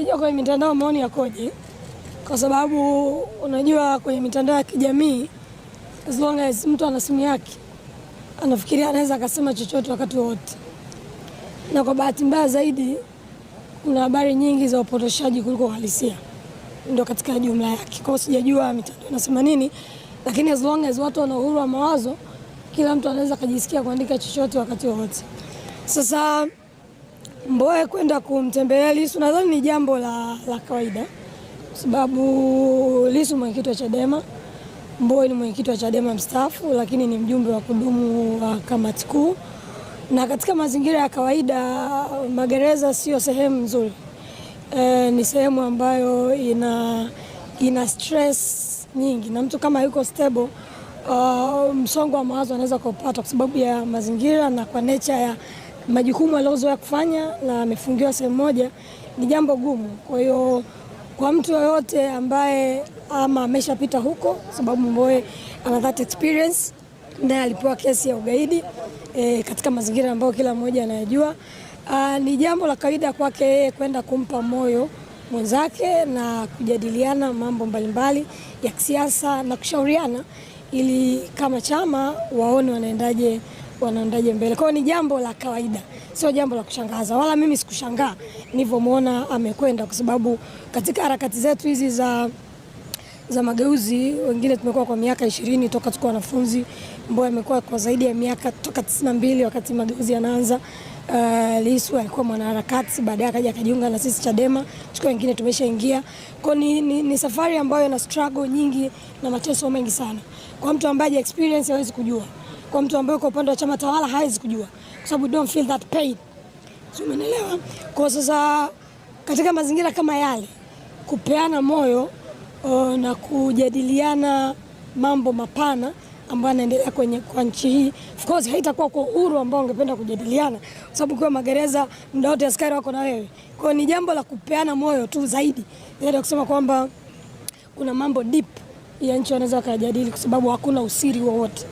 sijajua kwenye mitandao maoni yakoje, kwa sababu unajua kwenye mitandao ya kijamii as long as mtu ana simu yake anafikiria anaweza akasema chochote wakati wote, na kwa bahati mbaya zaidi kuna habari nyingi za upotoshaji kuliko uhalisia, ndo katika jumla yake. Kwao sijajua mitandao inasema nini, lakini as long as watu wana uhuru wa mawazo, kila mtu anaweza akajisikia kuandika chochote wakati wowote. Sasa Mbowe kwenda kumtembelea Lissu nadhani ni jambo la, la kawaida kwa sababu Lissu mwenyekiti wa Chadema, Mbowe ni mwenyekiti wa Chadema mstaafu, lakini ni mjumbe wa kudumu wa kamati kuu, na katika mazingira ya kawaida magereza sio sehemu nzuri e, ni sehemu ambayo ina, ina stress nyingi na mtu kama yuko stable uh, msongo wa mawazo anaweza kupata kwa sababu ya mazingira na kwa nature ya majukumu aliozoea kufanya na amefungiwa sehemu moja ni jambo gumu. Kwa hiyo kwa mtu yoyote ambaye ama ameshapita huko, sababu Mbowe ana that experience, naye alipewa kesi ya ugaidi e, katika mazingira ambayo kila mmoja anayajua, ni jambo la kawaida kwake yeye kwenda kumpa moyo mwenzake na kujadiliana mambo mbalimbali mbali ya kisiasa na kushauriana ili kama chama waone wanaendaje wanaendaje mbele. Kwa hiyo ni jambo la kawaida, sio jambo la kushangaza, wala mimi sikushangaa nilivyomwona amekwenda, kwa sababu katika harakati zetu hizi za za mageuzi wengine tumekuwa kwa miaka ishirini toka tuko wanafunzi. ambao amekuwa kwa zaidi ya miaka toka tisini na mbili wakati mageuzi yanaanza. Uh, Lissu alikuwa mwanaharakati, baadaye akaja akajiunga na sisi Chadema, tuko wengine tumeshaingia. Kwa ni, ni, ni safari ambayo ina struggle nyingi na mateso mengi sana. Kwa mtu ambaye experience hawezi kujua kwa mtu ambaye kwa upande wa chama tawala hawezi kujua, kwa sababu don't feel that pain, sio? Umeelewa? Kwa sasa katika mazingira kama yale, kupeana moyo o, uh, na kujadiliana mambo mapana ambayo yanaendelea kwenye kwa nchi hii, of course haitakuwa kwa uhuru ambao ungependa kujadiliana, kwa sababu kwa magereza muda wote askari wako na wewe. Kwa ni jambo la kupeana moyo tu zaidi, zaidi kusema kwamba kuna mambo deep ya nchi wanaweza wakajadili, kwa sababu hakuna usiri wowote.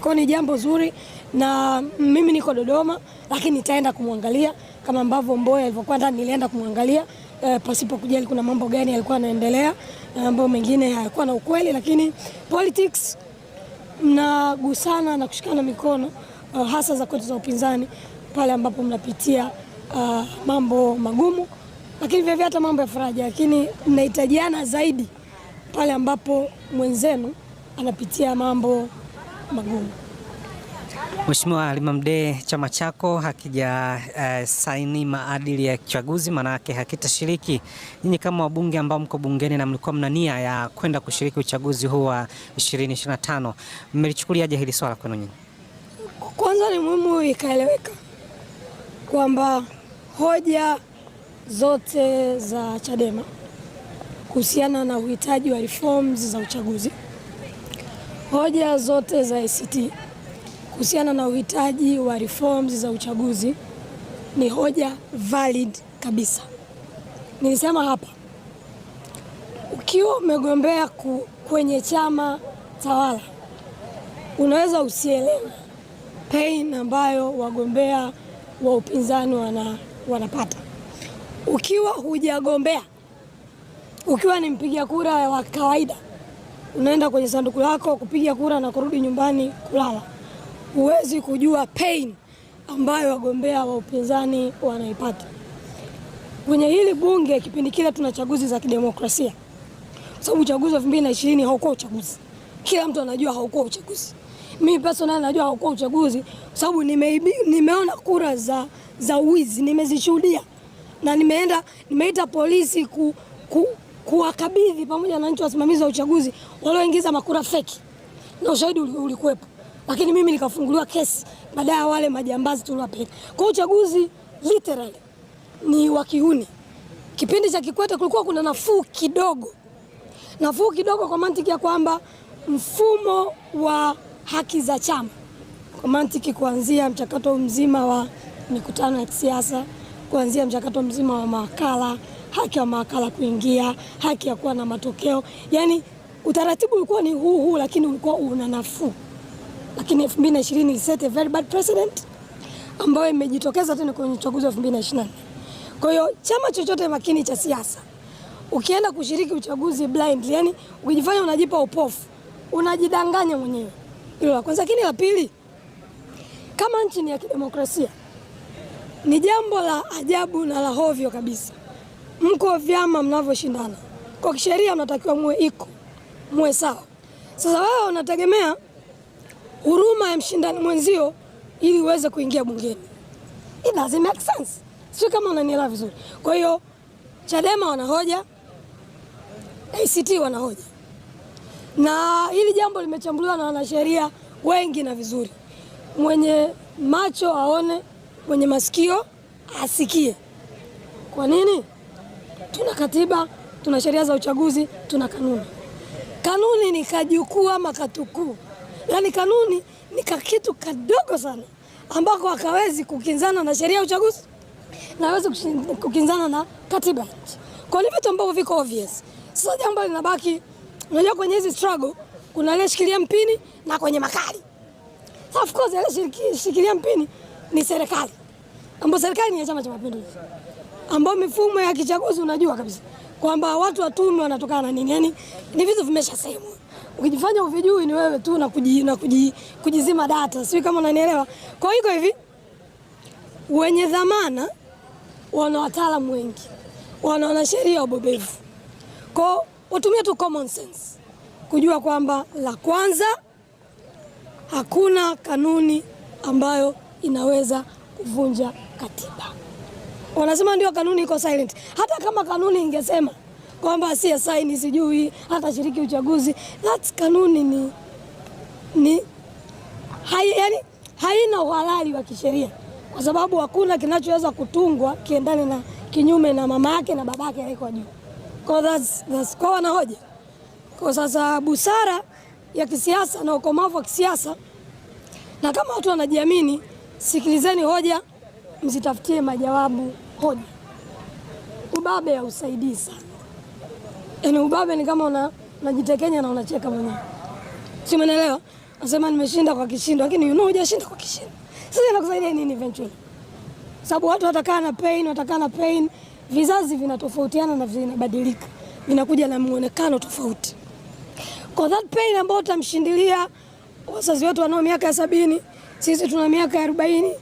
Kwa ni jambo zuri, na mimi niko Dodoma, lakini nitaenda kumwangalia kama ambavyo Mboya alivyokuwa ndani, nilienda kumwangalia e, pasipo kujali kuna mambo gani yalikuwa yanaendelea na eh, mambo mengine hayakuwa na ukweli, lakini politics mnagusana na kushikana mikono uh, hasa za kwetu za upinzani pale ambapo mnapitia uh, mambo magumu, lakini vilevile hata mambo ya faraja, lakini mnahitajiana zaidi pale ambapo mwenzenu anapitia mambo magumu. Mheshimiwa Halima Mdee, chama chako hakija eh, saini maadili ya uchaguzi, yake hakitashiriki. Nyinyi kama wabunge ambao mko bungeni na mlikuwa mna nia ya kwenda kushiriki uchaguzi huu wa 2025 mmelichukuliaje hili swala kwenu nyinyi? Kwanza ni muhimu ikaeleweka kwamba hoja zote za Chadema kuhusiana na uhitaji wa reforms za uchaguzi Hoja zote za ACT kuhusiana na uhitaji wa reforms za uchaguzi ni hoja valid kabisa. Nilisema hapa, ukiwa umegombea kwenye chama tawala unaweza usielewe pain ambayo wagombea wa upinzani wana, wanapata. Ukiwa hujagombea, ukiwa ni mpiga kura wa kawaida unaenda kwenye sanduku lako kupiga kura na kurudi nyumbani kulala. Huwezi kujua pain ambayo wagombea wa upinzani wanaipata kwenye hili bunge. Kipindi kile tuna chaguzi za kidemokrasia, kwa sababu uchaguzi wa 2020 haukuwa uchaguzi. Kila mtu anajua haukuwa uchaguzi. Mimi personal najua haukuwa uchaguzi kwa sababu nime, nimeona kura za, za wizi nimezishuhudia na nimeenda nimeita polisi ku, ku, kuwakabidhi pamoja na nchi wasimamizi wa uchaguzi walioingiza makura feki, na ushahidi ulikuwepo, lakini mimi nikafunguliwa kesi baada ya wale majambazi tuliwapiga. Kwa uchaguzi literally ni wa Kipindi cha Kikwete kulikuwa kuna nafuu kidogo, nafuu kidogo kwa mantiki ya kwamba mfumo wa haki za chama kwa mantiki, kuanzia mchakato mzima wa mikutano ya kisiasa, kuanzia mchakato mzima wa mawakala haki ya mawakala kuingia, haki ya kuwa na matokeo. Yani utaratibu ulikuwa ni huu huu, lakini ulikuwa una nafuu. Lakini 2020 set a very bad precedent ambayo imejitokeza tena kwenye uchaguzi wa 2024. Kwa hiyo chama chochote makini cha siasa ukienda kushiriki uchaguzi blind, yani ukijifanya unajipa upofu, unajidanganya mwenyewe. Hilo la kwanza. Lakini la pili, kama nchi ni ya kidemokrasia, ni jambo la ajabu na la hovyo kabisa mko vyama mnavyoshindana kwa kisheria, mnatakiwa muwe iko muwe sawa. Sasa wao unategemea huruma ya mshindani mwenzio ili uweze kuingia bungeni, it doesn't make sense. Sio kama unanielewa vizuri. Kwa hiyo Chadema wanahoja, ACT wanahoja, na hili jambo limechambuliwa na wanasheria wengi na vizuri. Mwenye macho aone, mwenye masikio asikie. Kwa nini? tuna katiba, tuna sheria za uchaguzi, tuna kanuni. Kanuni ni kajukuu ama katukuu, yaani kanuni ni kakitu kadogo sana ambako hakawezi kukinzana na sheria ya uchaguzi na hawezi kukinzana na katiba. Kwa hiyo vitu ambavyo viko obvious. Sasa jambo linabaki, unajua kwenye hizi struggle kuna ile shikilia mpini na kwenye makali. Of course ile shikilia mpini ni serikali ambayo serikali ni ya Chama cha Mapinduzi ambayo mifumo ya kichaguzi unajua kabisa kwamba watu watume wanatokana na nini. Yani ni vitu vimeshasemwa, ukijifanya uvijui ni wewe tu na kujizima kuji, kuji data, sio kama unanielewa. Kwa hiyo hivi wenye dhamana wana wataalamu wengi, wana wanasheria wabobevu, kwa watumie tu common sense kujua kwamba la kwanza, hakuna kanuni ambayo inaweza kuvunja katiba wanasema ndio kanuni iko silent. Hata kama kanuni ingesema kwamba si saini sijui hata shiriki uchaguzi, that kanuni ni, ni hai, yani, haina uhalali wa kisheria kwa sababu hakuna kinachoweza kutungwa kiendane na kinyume na mama yake na baba yake aliko juu kwa that's, that's, kwa wanahoja kwa sasa busara ya kisiasa na ukomavu wa kisiasa, na kama watu wanajiamini, sikilizeni hoja mzitafutie majawabu hoja. Ubabe hausaidii sana, yaani ubabe ni kama una unajitekenya na unacheka mwenyewe, si umeelewa? Nasema nimeshinda kwa kishindo, lakini you know hujashinda kwa kishindo. Sasa inakusaidia nini eventually? Sababu watu watakaa na pain, watakaa na pain. Vizazi vinatofautiana na vinabadilika, vinakuja na muonekano tofauti. Kwa that pain ambayo utamshindilia wazazi wetu wanao miaka ya sabini, sisi tuna miaka ya arobaini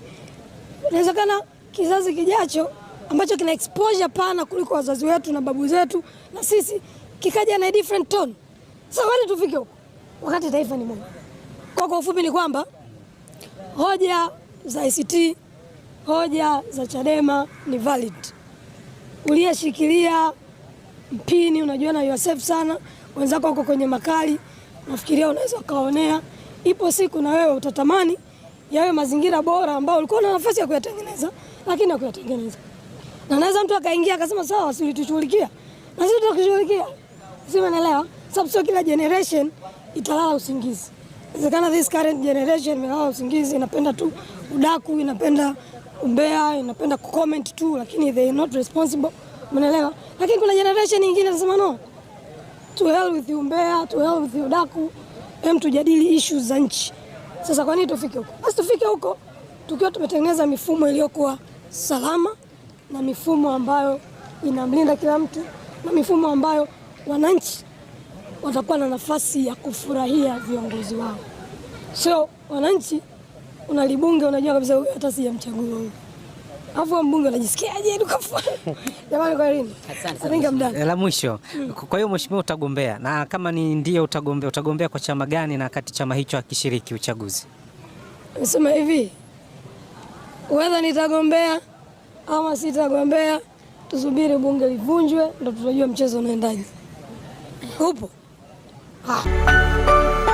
inawezekana kizazi kijacho ambacho kina exposure pana kuliko wazazi wetu na babu zetu na sisi kikaja na different tone. Sasa wale tufike huko wakati taifa ni moja. Kwa kwa ufupi ni kwamba hoja za ICT, hoja za Chadema ni valid. Uliyeshikilia mpini unajua na yourself sana, wenzako wako kwenye makali, nafikiria unaweza ukaonea, ipo siku na wewe utatamani yawe mazingira bora ambayo ulikuwa na nafasi ya kuyatengeneza, lakini hakuyatengeneza. Na naweza mtu akaingia akasema sawa, si ulitushughulikia na sisi tutakushughulikia, si unaelewa? Sababu sio kila generation italala usingizi. Inawezekana this current generation imelala usingizi, inapenda tu udaku, inapenda umbea, inapenda kucomment tu, lakini they are not responsible, unaelewa? Lakini kuna generation nyingine nasema no, to hell with umbea, to hell with udaku, hem, tujadili issues za nchi. Sasa kwa nini tufike huko? Basi tufike huko tukiwa tumetengeneza mifumo iliyokuwa salama na mifumo ambayo inamlinda kila mtu na mifumo ambayo wananchi watakuwa na nafasi ya kufurahia viongozi wao. so wananchi unalibunge unajua kabisa si ya siyamchagua huyu. afu mbunge unajisikiaje? Jamani, kwa elimu. Asante sana. Eh, la mwisho, kwa hiyo mheshimiwa, utagombea na kama ni ndio utagombea, utagombea kwa chama gani na kati chama hicho akishiriki uchaguzi? Nasema hivi, Wewe nitagombea ama sitagombea, tusubiri bunge livunjwe, ndo tutajua mchezo unaendaje. Upo? Ah.